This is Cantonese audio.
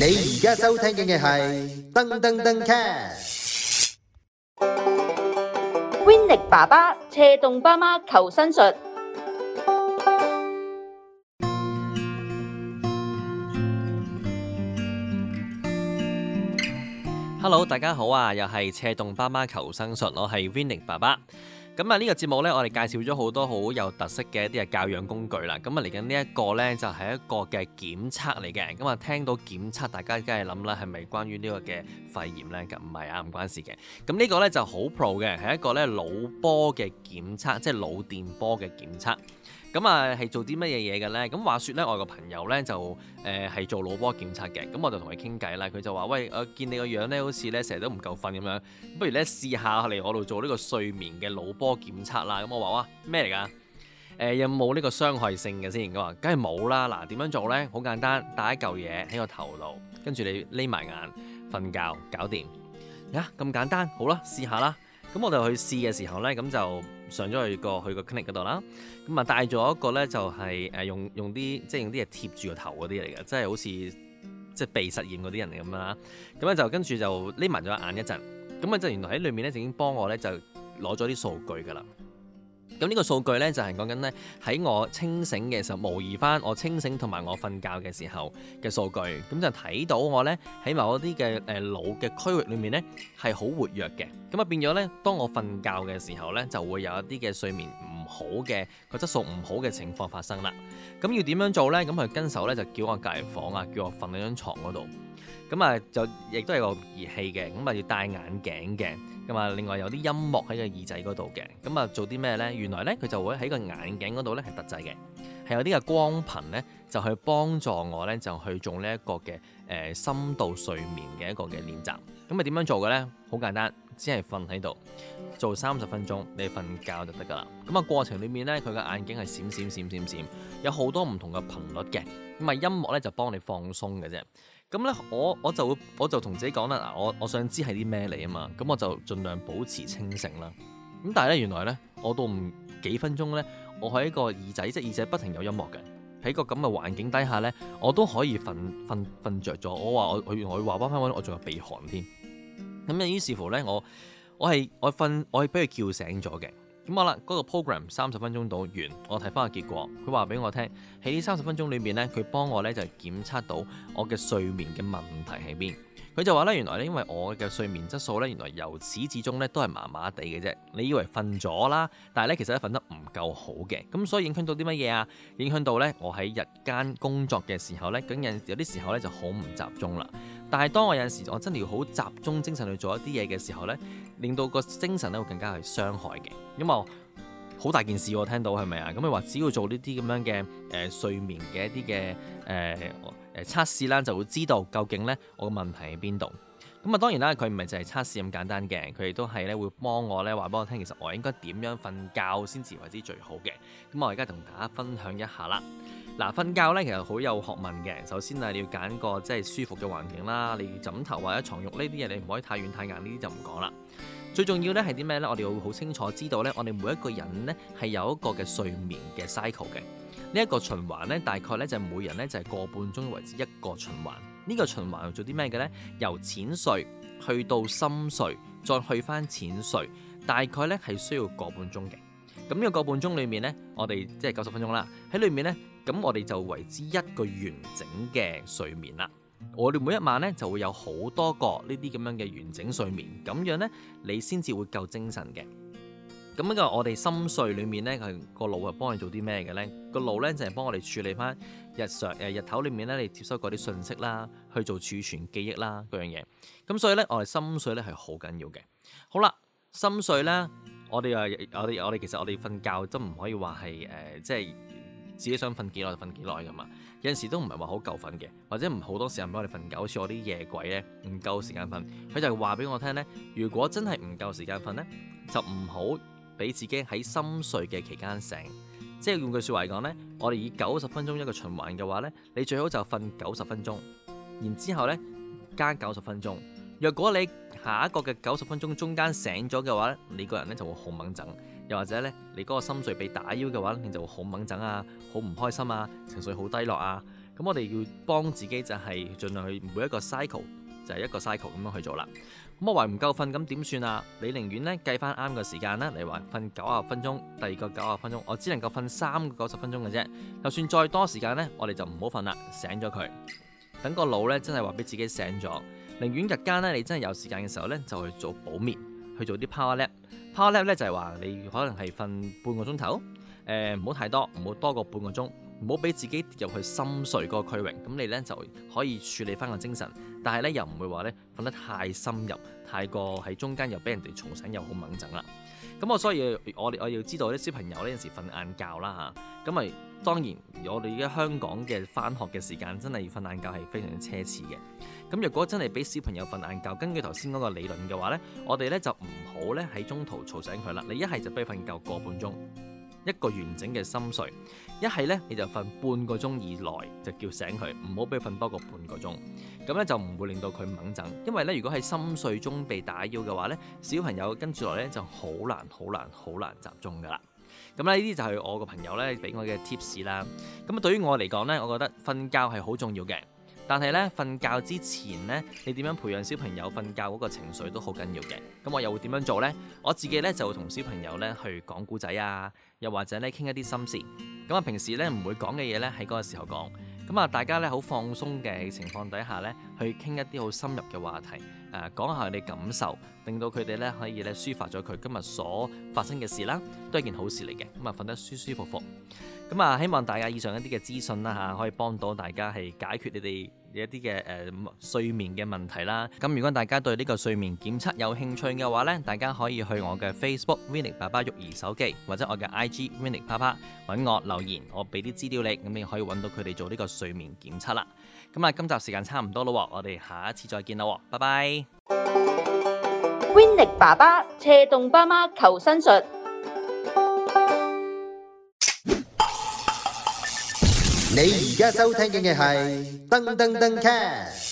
你而家收聽嘅係噔噔噔 cast，Winny 爸爸車動爸媽求生術。Hello，大家好啊，又係車動爸媽求生術，我係 Winny 爸爸。咁啊，個節呢個節目咧，我哋介紹咗好多好有特色嘅一啲嘅教養工具啦。咁啊，嚟緊呢一個咧，就係一個嘅檢測嚟嘅。咁啊，聽到檢測，大家梗係諗啦，係咪關於呢個嘅肺炎呢？咁唔係啊，唔關事嘅。咁、這個、呢個咧就好 pro 嘅，係一個咧腦波嘅檢測，即係腦電波嘅檢測。咁啊，係做啲乜嘢嘢嘅咧？咁話説咧，我個朋友咧就誒係做腦波檢測嘅，咁我就同佢傾偈啦。佢就話：喂，我見你個樣咧，好似咧成日都唔夠瞓咁樣，不如咧試下嚟我度做呢個睡眠嘅腦波檢測啦。咁我話：哇，咩嚟㗎？誒、呃、有冇呢個傷害性嘅先？佢話：梗係冇啦。嗱，點樣做咧？好簡單，戴一嚿嘢喺個頭度，跟住你匿埋眼瞓覺，搞掂呀？咁、啊、簡單，好啦，試下啦。咁我哋去試嘅時候咧，咁就上咗去個去個 clinic 嗰度啦。咁啊帶咗一個咧，就係、是、誒用用啲即係用啲嘢貼住個頭嗰啲嚟嘅，即係好似即係被實驗嗰啲人嚟咁啦。咁咧就跟住就匿埋咗眼一陣，咁啊就原來喺裏面咧已經幫我咧就攞咗啲數據㗎啦。咁呢個數據呢，就係講緊呢，喺我清醒嘅時候模擬返我清醒同埋我瞓覺嘅時候嘅數據，咁就睇到我呢，喺某啲嘅誒腦嘅區域裏面呢，係好活躍嘅，咁啊變咗呢，當我瞓覺嘅時候呢，就會有一啲嘅睡眠好嘅個質素唔好嘅情況發生啦，咁要點樣做咧？咁佢跟手咧就叫我隔離房啊，叫我瞓喺張床嗰度，咁啊就亦都係個儀器嘅，咁啊要戴眼鏡嘅，咁啊另外有啲音樂喺個耳仔嗰度嘅，咁啊做啲咩咧？原來咧佢就會喺個眼鏡嗰度咧係特製嘅，係有啲嘅光頻咧。就去幫助我咧，就去做呢一個嘅誒、呃、深度睡眠嘅一個嘅練習。咁咪點樣做嘅咧？好簡單，只係瞓喺度做三十分鐘，你瞓覺就得噶啦。咁啊，過程裏面咧，佢嘅眼睛係閃閃閃閃閃閃，有好多唔同嘅頻率嘅咪音樂咧，就幫你放鬆嘅啫。咁咧，我我就我就同自己講啦，嗱，我我想知係啲咩嚟啊嘛，咁我就盡量保持清醒啦。咁但係咧，原來咧，我都唔幾分鐘咧，我係一個耳仔即係耳仔不停有音樂嘅。喺個咁嘅環境底下咧，我都可以瞓瞓瞓着咗。我話我我原來我話翻返我，我仲有鼻鼾添。咁於是乎咧，我我係我瞓我係俾佢叫醒咗嘅。咁我啦，嗰個 program 三十分鐘到完，我睇翻個結果，佢話俾我聽喺三十分鐘裏面呢，佢幫我呢就檢測到我嘅睡眠嘅問題喺邊。佢就話呢，原來呢，因為我嘅睡眠質素呢，原來由始至終呢都係麻麻地嘅啫。你以為瞓咗啦，但係呢，其實呢瞓得唔夠好嘅，咁所以影響到啲乜嘢啊？影響到呢，我喺日間工作嘅時候呢，咁有有啲時候呢就好唔集中啦。但係當我有陣時，我真係要好集中精神去做一啲嘢嘅時候呢。令到個精神咧會更加係傷害嘅，因為好大件事，我聽到，係咪啊？咁你話只要做呢啲咁樣嘅誒、呃、睡眠嘅一啲嘅誒誒測試啦，就會知道究竟咧我嘅問題喺邊度？咁啊，當然啦，佢唔係淨就係測試咁簡單嘅，佢亦都係咧會幫我咧話俾我聽，其實我應該點樣瞓覺先至為之最好嘅。咁我而家同大家分享一下啦。嗱、呃，瞓覺咧其實好有學問嘅。首先啊，你要揀個即係舒服嘅環境啦，你枕頭或者床褥呢啲嘢你唔可以太軟太硬，呢啲就唔講啦。最重要咧係啲咩咧？我哋會好清楚知道咧，我哋每一個人咧係有一個嘅睡眠嘅 cycle 嘅。呢、這、一個循環咧，大概咧就係、每人咧就係、是、個半鐘為止一個循環。呢個循環又做啲咩嘅呢？由淺睡去到深睡，再去翻淺睡，大概呢係需要個半鐘嘅。咁呢個個半鐘裏面呢，我哋即係九十分鐘啦。喺裏面呢，咁我哋就為之一個完整嘅睡眠啦。我哋每一晚呢，就會有好多個呢啲咁樣嘅完整睡眠，咁樣呢，你先至會夠精神嘅。咁呢個我哋心碎裏面咧，佢個腦係幫你做啲咩嘅咧？個腦咧，淨係幫我哋處理翻日常誒日頭裏面咧，你接收過啲信息啦，去做儲存記憶啦嗰樣嘢。咁所以咧，我哋心碎咧係好緊要嘅。好啦，心碎咧，我哋呀我哋我哋其實我哋瞓覺真唔可以話係誒，即係自己想瞓幾耐就瞓幾耐噶嘛。有陣時都唔係話好夠瞓嘅，或者唔好多時間俾我哋瞓覺。好似我啲夜鬼咧，唔夠時間瞓，佢就話俾我聽咧：如果真係唔夠時間瞓咧，就唔好。俾自己喺深睡嘅期間醒，即係用句説話嚟講呢，我哋以九十分鐘一個循環嘅話呢，你最好就瞓九十分鐘，然之後呢加九十分鐘。若果你下一個嘅九十分鐘中間醒咗嘅話呢，你個人呢就會好掹憎，又或者呢，你嗰個深睡被打擾嘅話咧，你就會好掹憎啊，好唔開心啊，情緒好低落啊。咁我哋要幫自己就係盡量去每一個 cycle。就係一個 cycle 咁樣去做啦。咁我話唔夠瞓，咁點算啊？你寧願咧計翻啱嘅時間啦，例如話瞓九十分鐘，第二個九十分鐘，我只能夠瞓三個九十分鐘嘅啫。就算再多時間呢，我哋就唔好瞓啦，醒咗佢。等個腦呢，真係話俾自己醒咗。寧願日間呢，你真係有時間嘅時候呢，就去做補眠，去做啲 power nap。power nap 咧就係話你可能係瞓半個鐘頭，誒，唔好太多，唔好多過半個鐘。唔好俾自己跌入去深睡嗰個區域，咁你呢就可以處理翻個精神，但係呢，又唔會話呢瞓得太深入，太過喺中間又俾人哋嘈醒又好猛震啦。咁我所以我要我，我要知道啲小朋友呢陣時瞓晏覺啦嚇，咁啊當然我哋而家香港嘅翻學嘅時間真係要瞓晏覺係非常之奢侈嘅。咁如果真係俾小朋友瞓晏覺，根據頭先嗰個理論嘅話呢，我哋呢就唔好呢喺中途吵醒佢啦，你一係就俾佢瞓夠個半鐘。一個完整嘅深睡，一係咧你就瞓半個鐘以內就叫醒佢，唔好俾佢瞓多過半個鐘，咁咧就唔會令到佢猛震，因為咧如果喺深睡中被打擾嘅話咧，小朋友跟住來咧就好難、好難、好難集中噶啦。咁呢啲就係我個朋友咧俾我嘅 tips 啦。咁啊對於我嚟講咧，我覺得瞓覺係好重要嘅。但係咧，瞓覺之前咧，你點樣培養小朋友瞓覺嗰個情緒都好緊要嘅。咁我又會點樣做呢？我自己咧就會同小朋友咧去講故仔啊，又或者咧傾一啲心事。咁啊，平時咧唔會講嘅嘢咧喺嗰個時候講。咁啊，大家咧好放鬆嘅情況底下咧，去傾一啲好深入嘅話題，誒、呃、講下佢哋感受，令到佢哋咧可以咧抒發咗佢今日所發生嘅事啦、啊，都係件好事嚟嘅。咁啊，瞓得舒舒服服。咁啊，希望大家以上一啲嘅資訊啦嚇，可以幫到大家係解決你哋一啲嘅誒睡眠嘅問題啦，咁如果大家對呢個睡眠檢測有興趣嘅話呢，大家可以去我嘅 Facebook Winnie 爸爸育兒手機或者我嘅 IG Winnie 爸爸揾我留言，我俾啲資料你，咁你可以揾到佢哋做呢個睡眠檢測啦。咁、嗯、啊，今集時間差唔多咯，我哋下一次再見咯，拜拜。Winnie 爸爸斜槓爸媽求生術。你而家收聽嘅係噔噔噔 cast。